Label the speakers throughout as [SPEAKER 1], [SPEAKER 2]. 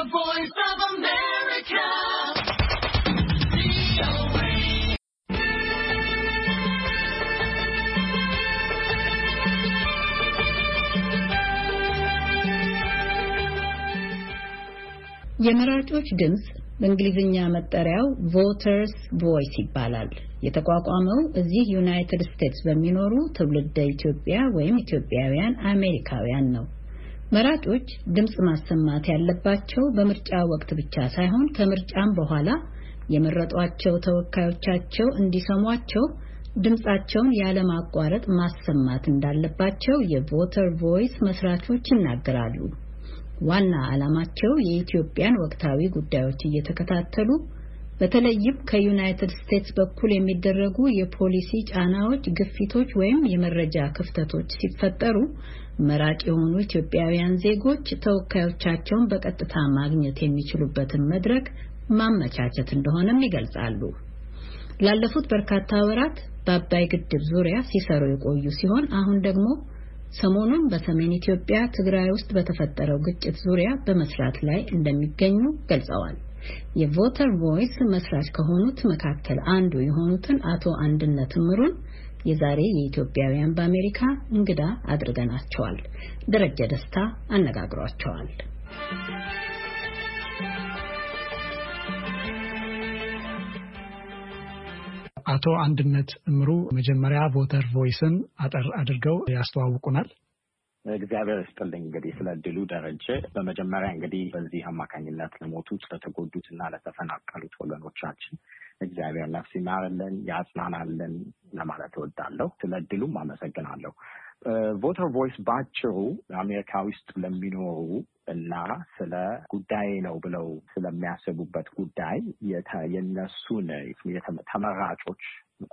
[SPEAKER 1] የመራጮች ድምፅ በእንግሊዝኛ መጠሪያው ቮተርስ ቮይስ ይባላል። የተቋቋመው እዚህ ዩናይትድ ስቴትስ በሚኖሩ ትውልደ ኢትዮጵያ ወይም ኢትዮጵያውያን አሜሪካውያን ነው። መራጮች ድምፅ ማሰማት ያለባቸው በምርጫ ወቅት ብቻ ሳይሆን ከምርጫም በኋላ የመረጧቸው ተወካዮቻቸው እንዲሰሟቸው ድምፃቸውን ያለማቋረጥ ማሰማት እንዳለባቸው የቮተር ቮይስ መስራቾች ይናገራሉ። ዋና ዓላማቸው የኢትዮጵያን ወቅታዊ ጉዳዮች እየተከታተሉ በተለይም ከዩናይትድ ስቴትስ በኩል የሚደረጉ የፖሊሲ ጫናዎች፣ ግፊቶች ወይም የመረጃ ክፍተቶች ሲፈጠሩ መራጭ የሆኑ ኢትዮጵያውያን ዜጎች ተወካዮቻቸውን በቀጥታ ማግኘት የሚችሉበትን መድረክ ማመቻቸት እንደሆነም ይገልጻሉ። ላለፉት በርካታ ወራት በአባይ ግድብ ዙሪያ ሲሰሩ የቆዩ ሲሆን አሁን ደግሞ ሰሞኑን በሰሜን ኢትዮጵያ ትግራይ ውስጥ በተፈጠረው ግጭት ዙሪያ በመስራት ላይ እንደሚገኙ ገልጸዋል። የቮተር ቮይስ መስራች ከሆኑት መካከል አንዱ የሆኑትን አቶ አንድነት እምሩን የዛሬ የኢትዮጵያውያን በአሜሪካ እንግዳ አድርገናቸዋል። ደረጀ ደስታ አነጋግሯቸዋል።
[SPEAKER 2] አቶ አንድነት እምሩ መጀመሪያ ቮተር ቮይስን አጠር አድርገው ያስተዋውቁናል።
[SPEAKER 3] እግዚአብሔር ይስጥልኝ እንግዲህ ስለ ድሉ ደረጀ። በመጀመሪያ እንግዲህ በዚህ አማካኝነት ለሞቱት ለተጎዱት እና ለተፈናቀሉት ወገኖቻችን እግዚአብሔር ነፍስ ይማርልን ያጽናናልን ለማለት እወዳለሁ። ስለ ድሉም አመሰግናለሁ። ቮተር ቮይስ ባጭሩ አሜሪካ ውስጥ ለሚኖሩ እና ስለ ጉዳይ ነው ብለው ስለሚያስቡበት ጉዳይ የነሱን ተመራጮች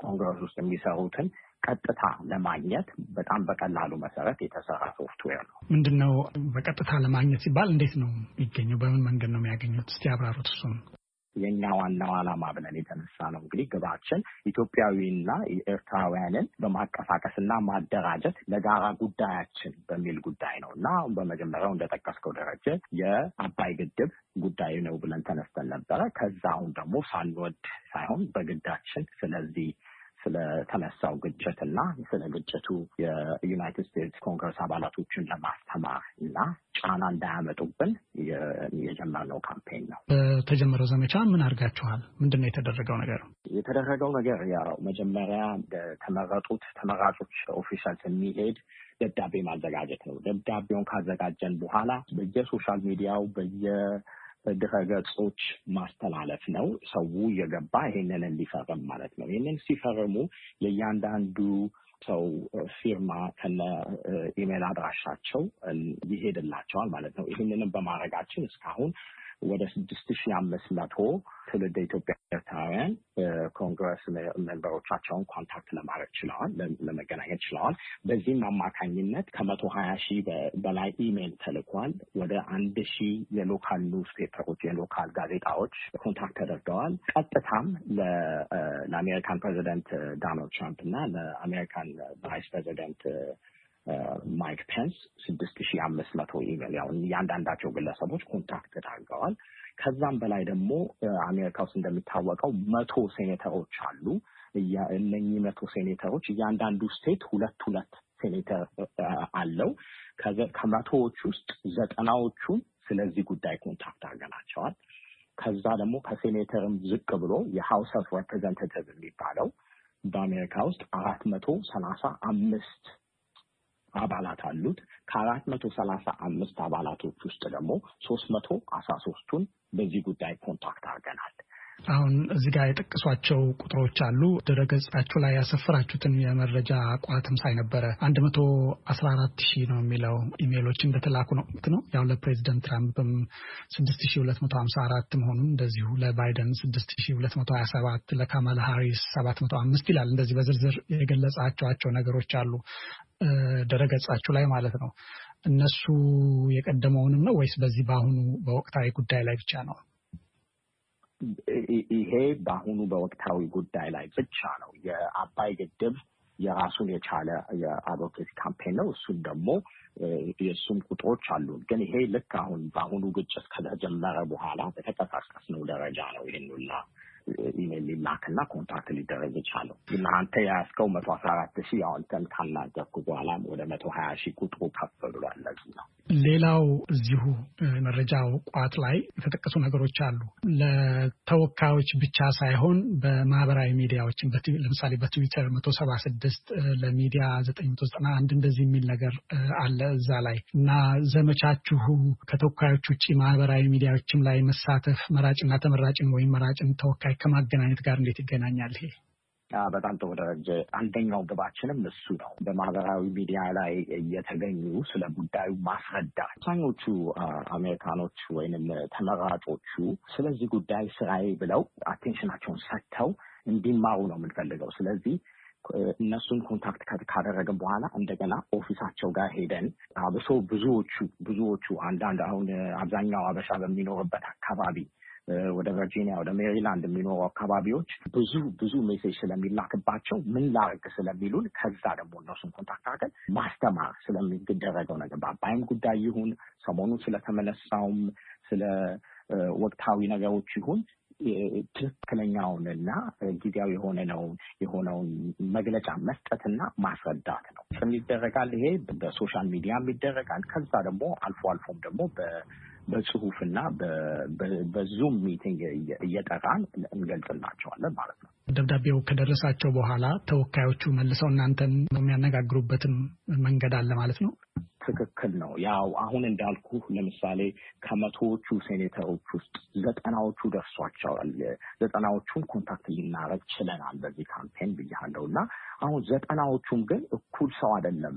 [SPEAKER 3] ኮንግረስ ውስጥ የሚሰሩትን ቀጥታ ለማግኘት በጣም በቀላሉ መሰረት የተሰራ ሶፍትዌር ነው።
[SPEAKER 2] ምንድን ነው በቀጥታ ለማግኘት ሲባል እንዴት ነው የሚገኘው? በምን መንገድ ነው የሚያገኙት? እስቲ አብራሩት እሱን።
[SPEAKER 3] የኛ ዋናው ዓላማ ብለን የተነሳ ነው። እንግዲህ ግባችን ኢትዮጵያዊና ኤርትራውያንን በማቀሳቀስና ማደራጀት ለጋራ ጉዳያችን በሚል ጉዳይ ነው እና በመጀመሪያው እንደጠቀስከው ደረጀ የአባይ ግድብ ጉዳይ ነው ብለን ተነስተን ነበረ። ከዛ አሁን ደግሞ ሳንወድ ሳይሆን በግዳችን ስለዚህ ስለተነሳው ግጭት እና ስለ ግጭቱ የዩናይትድ ስቴትስ ኮንግረስ አባላቶችን ለማስተማር እና ጫና እንዳያመጡብን የጀመርነው ካምፔን ነው።
[SPEAKER 2] በተጀመረው ዘመቻ ምን አድርጋችኋል? ምንድን ነው የተደረገው ነገር?
[SPEAKER 3] የተደረገው ነገር ያው መጀመሪያ ተመረጡት ተመራጮች ኦፊሻል የሚሄድ ደብዳቤ ማዘጋጀት ነው። ደብዳቤውን ካዘጋጀን በኋላ በየሶሻል ሚዲያው በየ ድረ-ገጾች ማስተላለፍ ነው። ሰው እየገባ ይሄንን እንዲፈርም ማለት ነው። ይህንን ሲፈርሙ የእያንዳንዱ ሰው ፊርማ ከነ ኢሜል አድራሻቸው ይሄድላቸዋል ማለት ነው። ይህንንም በማድረጋችን እስካሁን ወደ ስድስት ሺህ አምስት መቶ ትውልደ ኢትዮጵያ ኤርትራውያን ኮንግረስ ሜምበሮቻቸውን ኮንታክት ለማድረግ ችለዋል፣ ለመገናኘት ችለዋል። በዚህም አማካኝነት ከመቶ ሀያ ሺህ በላይ ኢሜይል ተልኳል። ወደ አንድ ሺህ የሎካል ኒውስ ፔፐሮች የሎካል ጋዜጣዎች ኮንታክት ተደርገዋል። ቀጥታም ለአሜሪካን ፕሬዚደንት ዶናልድ ትራምፕ እና ለአሜሪካን ቫይስ ፕሬዚደንት ማይክ ፔንስ ስድስት ሺህ አምስት መቶ ኢሜል ያው እያንዳንዳቸው ግለሰቦች ኮንታክት አድርገዋል። ከዛም በላይ ደግሞ አሜሪካ ውስጥ እንደሚታወቀው መቶ ሴኔተሮች አሉ። እነኚህ መቶ ሴኔተሮች እያንዳንዱ ስቴት ሁለት ሁለት ሴኔተር አለው። ከመቶዎች ውስጥ ዘጠናዎቹን ስለዚህ ጉዳይ ኮንታክት አድርገናቸዋል። ከዛ ደግሞ ከሴኔተርም ዝቅ ብሎ የሃውስ ኦፍ ሬፕሬዘንታቲቭ የሚባለው በአሜሪካ ውስጥ አራት መቶ ሰላሳ አምስት አባላት አሉት። ከአራት መቶ ሰላሳ አምስት አባላቶች ውስጥ ደግሞ ሶስት መቶ አስራ ሶስቱን በዚህ ጉዳይ ኮንታክት አድርገናል።
[SPEAKER 2] አሁን እዚህ ጋር የጠቀሷቸው ቁጥሮች አሉ። ድረገጻችሁ ላይ ያሰፈራችሁትን የመረጃ ቋትም ሳይነበረ አንድ መቶ አስራ አራት ሺህ ነው የሚለው ኢሜሎች እንደተላኩ ነው ነው ያው ለፕሬዚደንት ትራምፕም ስድስት ሺህ ሁለት መቶ ሀምሳ አራት መሆኑን እንደዚሁ ለባይደን ስድስት ሺህ ሁለት መቶ ሀያ ሰባት ለካማላ ሀሪስ ሰባት መቶ አምስት ይላል። እንደዚህ በዝርዝር የገለጻቸዋቸው ነገሮች አሉ ድረገጻችሁ ላይ ማለት ነው። እነሱ የቀደመውንም ነው ወይስ በዚህ በአሁኑ በወቅታዊ ጉዳይ ላይ ብቻ ነው?
[SPEAKER 3] ይሄ በአሁኑ በወቅታዊ ጉዳይ ላይ ብቻ ነው። የአባይ ግድብ የራሱን የቻለ የአድቮኬሲ ካምፔን ነው። እሱም ደግሞ የእሱም ቁጥሮች አሉ። ግን ይሄ ልክ አሁን በአሁኑ ግጭት ከተጀመረ በኋላ በተቀሳቀስነው ደረጃ ነው ይህን ሁላ ኢሜይል ሊላክና ኮንታክት ሊደረግ ይቻለው እና አንተ የያዝከው መቶ አስራ አራት ሺህ አዋልተን ተን በኋላ ወደ መቶ ሀያ ሺህ ቁጥሩ ከፍ ብሏል። ለዚህ ነው።
[SPEAKER 2] ሌላው እዚሁ መረጃ ቋት ላይ የተጠቀሱ ነገሮች አሉ። ለተወካዮች ብቻ ሳይሆን በማህበራዊ ሚዲያዎችን ለምሳሌ በትዊተር መቶ ሰባ ስድስት ለሚዲያ ዘጠኝ መቶ ዘጠና አንድ እንደዚህ የሚል ነገር አለ እዛ ላይ እና ዘመቻችሁ ከተወካዮች ውጭ ማህበራዊ ሚዲያዎችም ላይ መሳተፍ መራጭና ተመራጭን ወይም መራጭን ተወካይ ከማገናኘት ጋር እንዴት ይገናኛል ይሄ?
[SPEAKER 3] በጣም ጥሩ ደረጀ። አንደኛው ግባችንም እሱ ነው። በማህበራዊ ሚዲያ ላይ እየተገኙ ስለ ጉዳዩ ማስረዳ አብዛኞቹ አሜሪካኖች ወይንም ተመራጮቹ ስለዚህ ጉዳይ ስራዬ ብለው አቴንሽናቸውን ሰጥተው እንዲማሩ ነው የምንፈልገው። ስለዚህ እነሱን ኮንታክት ካደረግን በኋላ እንደገና ኦፊሳቸው ጋር ሄደን አብሶ ብዙዎቹ ብዙዎቹ አንዳንድ አሁን አብዛኛው አበሻ በሚኖርበት አካባቢ ወደ ቨርጂኒያ ወደ ሜሪላንድ የሚኖሩ አካባቢዎች ብዙ ብዙ ሜሴጅ ስለሚላክባቸው ምን ላርግ ስለሚሉን ከዛ ደግሞ እነሱን ኮንታክት አድርገን ማስተማር ስለሚደረገው ነገር በአባይም ጉዳይ ይሁን ሰሞኑን ስለተመለሳውም ስለ ወቅታዊ ነገሮች ይሁን ትክክለኛውን እና ጊዜያዊ የሆነ ነው የሆነውን መግለጫ መስጠትና ማስረዳት ነው ይደረጋል። ይሄ በሶሻል ሚዲያም ይደረጋል። ከዛ ደግሞ አልፎ አልፎም ደግሞ በጽሁፍና በዙም ሚቲንግ እየጠራን እንገልጽላቸዋለን ማለት ነው።
[SPEAKER 2] ደብዳቤው ከደረሳቸው በኋላ ተወካዮቹ መልሰው እናንተን የሚያነጋግሩበትም መንገድ አለ ማለት ነው።
[SPEAKER 3] ትክክል ነው። ያው አሁን እንዳልኩ ለምሳሌ ከመቶዎቹ ሴኔተሮች ውስጥ ዘጠናዎቹ ደርሷቸዋል። ዘጠናዎቹን ኮንታክት ልናረግ ችለናል በዚህ ካምፔን ብያለው እና አሁን ዘጠናዎቹም ግን እኩል ሰው አይደለም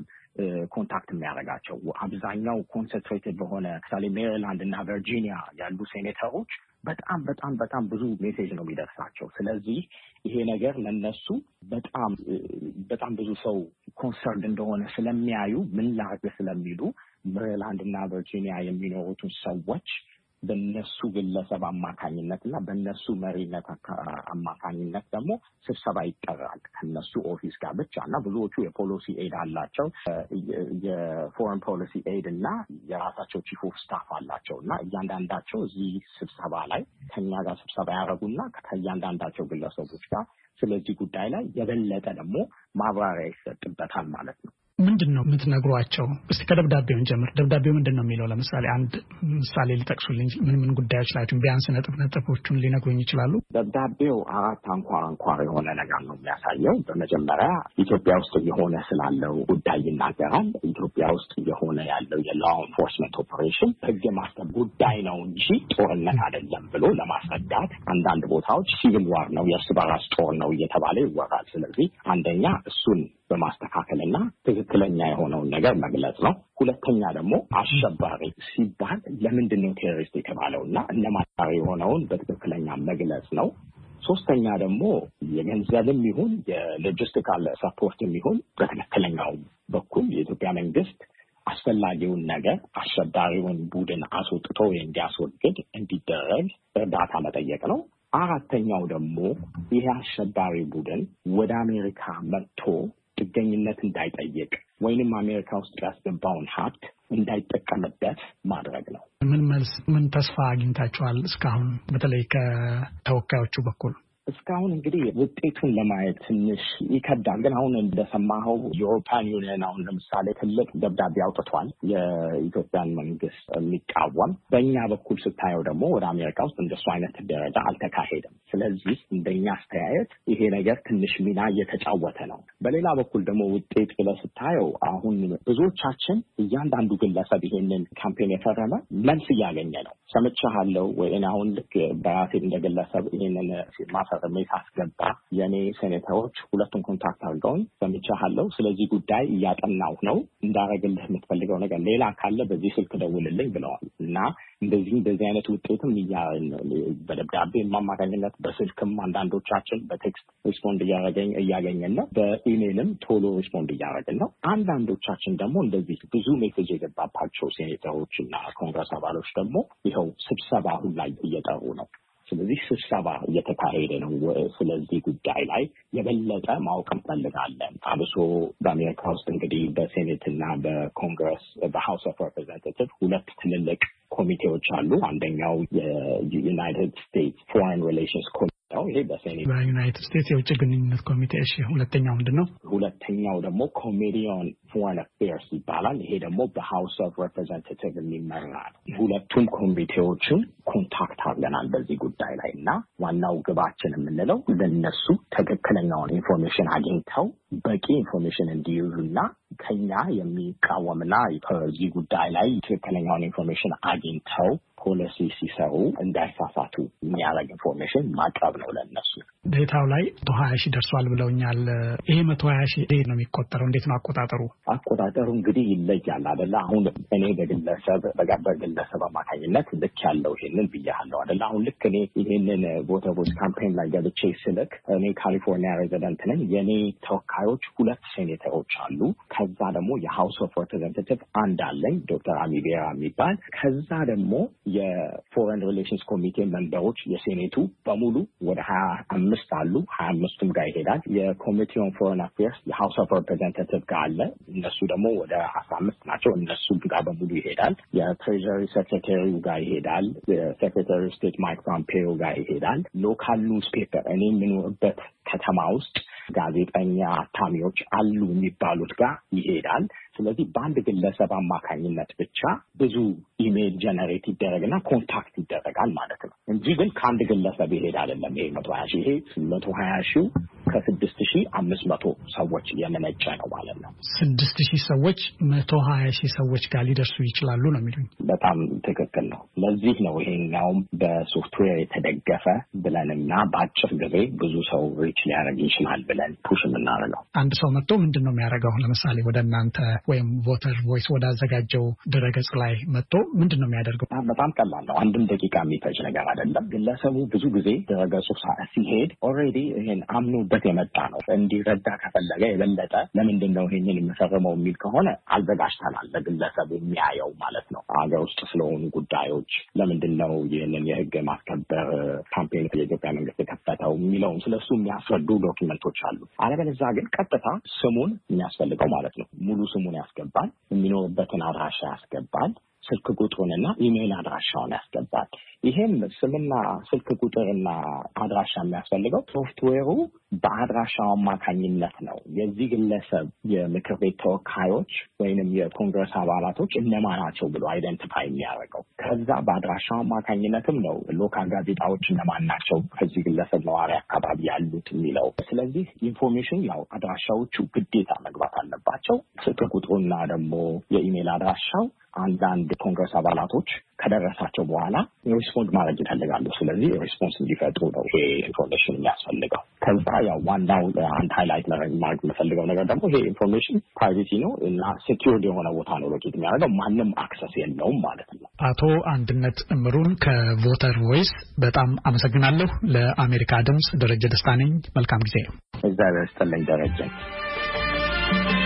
[SPEAKER 3] ኮንታክት የሚያደርጋቸው አብዛኛው ኮንሰንትሬትድ በሆነ ምሳሌ ሜሪላንድ እና ቨርጂኒያ ያሉ ሴኔተሮች በጣም በጣም በጣም ብዙ ሜሴጅ ነው የሚደርሳቸው። ስለዚህ ይሄ ነገር ለነሱ በጣም በጣም ብዙ ሰው ኮንሰርድ እንደሆነ ስለሚያዩ ምን ላርግ ስለሚሉ ሜሪላንድ እና ቨርጂኒያ የሚኖሩትን ሰዎች በነሱ ግለሰብ አማካኝነት እና በነሱ መሪነት አማካኝነት ደግሞ ስብሰባ ይጠራል ከነሱ ኦፊስ ጋር ብቻ እና ብዙዎቹ የፖሊሲ ኤድ አላቸው። የፎረን ፖሊሲ ኤድ እና የራሳቸው ቺፍ ኦፍ ስታፍ አላቸው እና እያንዳንዳቸው እዚህ ስብሰባ ላይ ከኛ ጋር ስብሰባ ያደረጉና ከእያንዳንዳቸው ግለሰቦች ጋር ስለዚህ ጉዳይ ላይ የበለጠ ደግሞ ማብራሪያ ይሰጥበታል ማለት ነው።
[SPEAKER 2] ምንድን ነው የምትነግሯቸው? እስቲ ከደብዳቤውን ጀምር። ደብዳቤው ምንድን ነው የሚለው? ለምሳሌ አንድ ምሳሌ ሊጠቅሱልኝ ምን ምን ጉዳዮች ላይ ቢያንስ ነጥብ ነጥቦቹን ሊነግሩኝ ይችላሉ? ደብዳቤው አራት አንኳር አንኳር የሆነ ነገር
[SPEAKER 3] ነው የሚያሳየው። በመጀመሪያ ኢትዮጵያ ውስጥ እየሆነ ስላለው ጉዳይ ይናገራል። ኢትዮጵያ ውስጥ እየሆነ ያለው የሎ ኢንፎርስመንት ኦፕሬሽን ህግ የማስጠብ ጉዳይ ነው እንጂ ጦርነት አይደለም ብሎ ለማስረዳት አንዳንድ ቦታዎች ሲቪል ዋር ነው የእርስ በራስ ጦር ነው እየተባለ ይወራል። ስለዚህ አንደኛ እሱን በማስተካከል እና ትክክለኛ የሆነውን ነገር መግለጽ ነው። ሁለተኛ ደግሞ አሸባሪ ሲባል ለምንድን ነው ቴሮሪስት የተባለው እና እነማን የሆነውን በትክክለኛ መግለጽ ነው። ሶስተኛ ደግሞ የገንዘብም ይሁን የሎጂስቲካል ሰፖርት ይሁን በትክክለኛው በኩል የኢትዮጵያ መንግስት አስፈላጊውን ነገር አሸባሪውን ቡድን አስወጥቶ እንዲያስወግድ እንዲደረግ እርዳታ መጠየቅ ነው። አራተኛው ደግሞ ይሄ አሸባሪ ቡድን ወደ አሜሪካ መጥቶ ጥገኝነት እንዳይጠይቅ ወይንም አሜሪካ ውስጥ ያስገባውን ሀብት እንዳይጠቀምበት ማድረግ ነው።
[SPEAKER 2] ምን መልስ ምን ተስፋ አግኝታችኋል እስካሁን በተለይ ከተወካዮቹ በኩል?
[SPEAKER 3] እስካሁን እንግዲህ ውጤቱን ለማየት ትንሽ ይከብዳል። ግን አሁን እንደሰማኸው የአውሮፓን ዩኒየን አሁን ለምሳሌ ትልቅ ደብዳቤ አውጥቷል የኢትዮጵያን መንግስት የሚቃወም። በእኛ በኩል ስታየው ደግሞ ወደ አሜሪካ ውስጥ እንደሱ አይነት ደረጃ አልተካሄደም። ስለዚህ እንደኛ አስተያየት ይሄ ነገር ትንሽ ሚና እየተጫወተ ነው። በሌላ በኩል ደግሞ ውጤት ብለህ ስታየው አሁን ብዙዎቻችን እያንዳንዱ ግለሰብ ይሄንን ካምፔን የፈረመ መልስ እያገኘ ነው። ሰምቻለሁ ወይ አሁን ልክ በራሴ እንደ ግለሰብ ይሄንን ፈርሜ ሳስገባ የእኔ ሴኔተሮች ሁለቱን ኮንታክት አድርገውኝ ሰምቻለሁ፣ ስለዚህ ጉዳይ እያጠናሁ ነው፣ እንዳረግልህ የምትፈልገው ነገር ሌላ ካለ በዚህ ስልክ ደውልልኝ ብለዋል እና እንደዚህ እንደዚህ አይነት ውጤትም በደብዳቤ አማካኝነት በስልክም አንዳንዶቻችን በቴክስት ሪስፖንድ እያረገኝ እያገኘን ነው። በኢሜይልም ቶሎ ሪስፖንድ እያረግን ነው። አንዳንዶቻችን ደግሞ እንደዚህ ብዙ ሜሴጅ የገባባቸው ሴኔተሮች እና ኮንግረስ አባሎች ደግሞ ይኸው ስብሰባ አሁን ላይ እየጠሩ ነው። ስለዚህ ስብሰባ እየተካሄደ ነው። ስለዚህ ጉዳይ ላይ የበለጠ ማወቅ እንፈልጋለን። አብሶ በአሜሪካ ውስጥ እንግዲህ በሴኔት እና በኮንግረስ በሀውስ ኦፍ ሬፕሬዘንታቲቭ ሁለት ትልልቅ ኮሚቴዎች አሉ። አንደኛው የዩናይትድ ስቴትስ ፎሬን ሪሌሽንስ ኮሚቴ ነው። ይሄ በሴኔት
[SPEAKER 2] በዩናይትድ ስቴትስ የውጭ ግንኙነት ኮሚቴ። እሺ፣ ሁለተኛው ምንድን ነው?
[SPEAKER 3] ሁለተኛው ደግሞ ኮሚቴ ኦን ፎሬን አፌርስ ይባላል። ይሄ ደግሞ በሀውስ ኦፍ ሬፕሬዘንታቲቭ የሚመራ ነው።
[SPEAKER 2] ሁለቱም ኮሚቴዎችም
[SPEAKER 3] ኮንታክት አድርገናል በዚህ ጉዳይ ላይ እና ዋናው ግባችን የምንለው ለነሱ ትክክለኛውን ኢንፎርሜሽን አግኝተው በቂ ኢንፎርሜሽን እንዲይዙ እና ከኛ የሚቃወምና በዚህ ጉዳይ ላይ ትክክለኛውን ኢንፎርሜሽን አግኝተው ፖሊሲ ሲሰሩ እንዳይሳሳቱ የሚያደርግ ኢንፎርሜሽን ማቅረብ ነው ለነሱ።
[SPEAKER 2] ዴታው ላይ መቶ ሀያ ሺህ ደርሷል ብለውኛል። ይሄ መቶ ሀያ ሺህ ነው የሚቆጠረው? እንዴት ነው አቆጣጠሩ?
[SPEAKER 3] አቆጣጠሩ እንግዲህ ይለያል አደለ። አሁን እኔ በግለሰብ በግለሰብ አማካኝነት ልክ ያለው ይሄንን ብያለሁ አደለ። አሁን ልክ እኔ ይሄንን ቮተቦች ካምፔን ላይ ገብቼ ስልክ እኔ ካሊፎርኒያ ሬዚደንት ነኝ። የእኔ ተወካዮች ሁለት ሴኔተሮች አሉ። ከዛ ደግሞ የሀውስ ኦፍ ሬፕሬዘንታቲቭ አንድ አለኝ ዶክተር አሚቤራ የሚባል ከዛ ደግሞ የፎሬን ሪሌሽንስ ኮሚቴ መንበሮች የሴኔቱ በሙሉ ወደ ሀያ አምስት አምስት አሉ። ሀያ አምስቱም ጋር ይሄዳል። የኮሚቴ ኦን ፎረን አፌርስ የሀውስ ኦፍ ሪፕሬዘንታቲቭ ጋር አለ። እነሱ ደግሞ ወደ አስራ አምስት ናቸው። እነሱ ጋር በሙሉ ይሄዳል። የትሬዥሪ ሴክሬታሪ ጋር ይሄዳል። የሴክሬታሪ ስቴት ማይክ ፖምፔዮ ጋር ይሄዳል። ሎካል ኒውስ ፔፐር እኔ የምኖርበት ከተማ ውስጥ ጋዜጠኛ ታሚዎች አሉ የሚባሉት ጋር ይሄዳል። ስለዚህ በአንድ ግለሰብ አማካኝነት ብቻ ብዙ ኢሜይል ጀነሬት ይደረግና ኮንታክት ይደረጋል ማለት ነው እንጂ ግን ከአንድ ግለሰብ ይሄድ አይደለም። ይሄ መቶ ሀያ ሺህ ይሄ መቶ ሀያ ሺው ከስድስት ሺህ አምስት መቶ ሰዎች የመነጨ ነው ማለት ነው።
[SPEAKER 2] ስድስት ሺህ ሰዎች መቶ ሀያ ሺህ ሰዎች ጋር ሊደርሱ ይችላሉ ነው የሚሉኝ።
[SPEAKER 3] በጣም ትክክል ነው። ለዚህ ነው ይሄኛውም በሶፍትዌር የተደገፈ ብለንና በአጭር ጊዜ ብዙ ሰው ሪች ሊያደርግ ይችላል ብለን ፑሽ የምናደርገው።
[SPEAKER 2] አንድ ሰው መጥቶ ምንድን ነው የሚያደርገው? ለምሳሌ ወደ እናንተ ወይም ቮተር ቮይስ ወዳዘጋጀው ድረገጽ ላይ መጥቶ ምንድን ነው የሚያደርገው? በጣም ቀላል ነው። አንድም ደቂቃ
[SPEAKER 3] የሚፈጅ ነገር አይደለም። ግለሰቡ ብዙ ጊዜ ድረገጹ ሲሄድ ኦልሬዲ ይሄን አምኖበት ይዞበት የመጣ ነው። እንዲረዳ ከፈለገ የበለጠ ለምንድን ነው ይህንን የምፈርመው የሚል ከሆነ አዘጋጅተናል። ለግለሰቡ የሚያየው ማለት ነው። ሀገር ውስጥ ስለሆኑ ጉዳዮች ለምንድን ነው ይህንን የህግ ማስከበር ካምፔን የኢትዮጵያ መንግስት የከፈተው የሚለውን ስለሱ የሚያስረዱ ዶኪመንቶች አሉ። አለበለዛ ግን ቀጥታ ስሙን የሚያስፈልገው ማለት ነው ሙሉ ስሙን ያስገባል፣ የሚኖርበትን አድራሻ ያስገባል፣ ስልክ ቁጥሩንና ኢሜይል አድራሻውን ያስገባል። ይሄም ስምና ስልክ ቁጥርና አድራሻ የሚያስፈልገው ሶፍትዌሩ በአድራሻው አማካኝነት ነው የዚህ ግለሰብ የምክር ቤት ተወካዮች ወይንም የኮንግረስ አባላቶች እነማ ናቸው ብሎ አይደንቲፋይ የሚያደርገው። ከዛ በአድራሻው አማካኝነትም ነው ሎካል ጋዜጣዎች እነማን ናቸው ከዚህ ግለሰብ ነዋሪ አካባቢ ያሉት የሚለው። ስለዚህ ኢንፎርሜሽን ያው አድራሻዎቹ ግዴታ መግባት አለባቸው። ስልክ ቁጥሩና ደግሞ የኢሜይል አድራሻው አንዳንድ ኮንግረስ አባላቶች ከደረሳቸው በኋላ ሪስፖንድ ማድረግ ይፈልጋሉ። ስለዚህ ሪስፖንስ እንዲፈጥሩ ነው ይሄ ኢንፎርሜሽን የሚያስፈልገው። ከዛ ያው ዋናው አንድ ሃይላይት ማድረግ የምፈልገው ነገር ደግሞ ይሄ ኢንፎርሜሽን ፕራይቬሲ ነው እና ሴኪርድ የሆነ ቦታ ነው ሎኬት የሚያደርገው ማንም አክሰስ የለውም ማለት
[SPEAKER 2] ነው። አቶ አንድነት እምሩን ከቮተር ቮይስ በጣም አመሰግናለሁ። ለአሜሪካ ድምፅ ደረጀ ደስታ ነኝ። መልካም ጊዜ። ነው።
[SPEAKER 3] እግዚአብሔር ይስጥልኝ ደረጀ። Thank you.